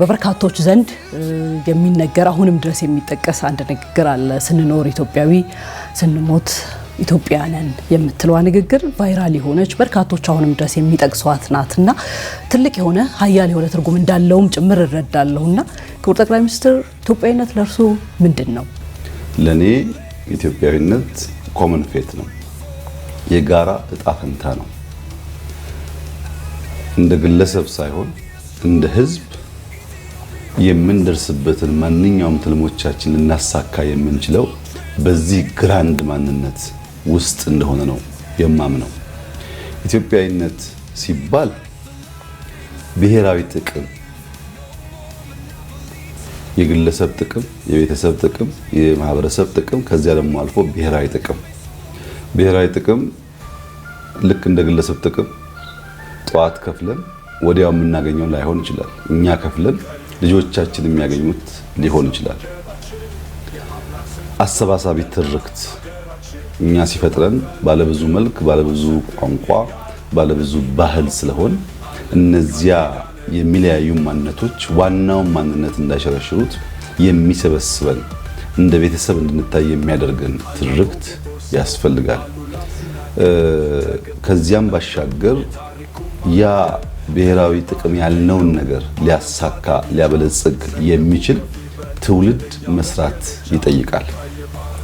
በበርካቶች ዘንድ የሚነገር አሁንም ድረስ የሚጠቀስ አንድ ንግግር አለ። ስንኖር ኢትዮጵያዊ ስንሞት ኢትዮጵያውያን የምትለዋ ንግግር ቫይራል የሆነች በርካቶች አሁንም ድረስ የሚጠቅሷት ናት እና ትልቅ የሆነ ሀያል የሆነ ትርጉም እንዳለውም ጭምር እረዳለሁ። እና ክቡር ጠቅላይ ሚኒስትር ኢትዮጵያዊነት ለእርሱ ምንድን ነው? ለእኔ ኢትዮጵያዊነት ኮመን ፌት ነው፣ የጋራ እጣ ፈንታ ነው። እንደ ግለሰብ ሳይሆን እንደ ህዝብ የምንደርስበትን ማንኛውም ትልሞቻችን ልናሳካ የምንችለው በዚህ ግራንድ ማንነት ውስጥ እንደሆነ ነው የማምነው። ኢትዮጵያዊነት ሲባል ብሔራዊ ጥቅም፣ የግለሰብ ጥቅም፣ የቤተሰብ ጥቅም፣ የማህበረሰብ ጥቅም ከዚያ ደግሞ አልፎ ብሔራዊ ጥቅም። ብሔራዊ ጥቅም ልክ እንደ ግለሰብ ጥቅም ጠዋት ከፍለን ወዲያው የምናገኘው ላይሆን ይችላል። እኛ ከፍለን ልጆቻችን የሚያገኙት ሊሆን ይችላል። አሰባሳቢ ትርክት እኛ ሲፈጥረን ባለብዙ መልክ፣ ባለብዙ ቋንቋ፣ ባለብዙ ባህል ስለሆን እነዚያ የሚለያዩ ማንነቶች ዋናውን ማንነት እንዳይሸረሽሩት የሚሰበስበን እንደ ቤተሰብ እንድንታይ የሚያደርገን ትርክት ያስፈልጋል። ከዚያም ባሻገር ያ ብሔራዊ ጥቅም ያልነውን ነገር ሊያሳካ ሊያበለጽግ የሚችል ትውልድ መስራት ይጠይቃል።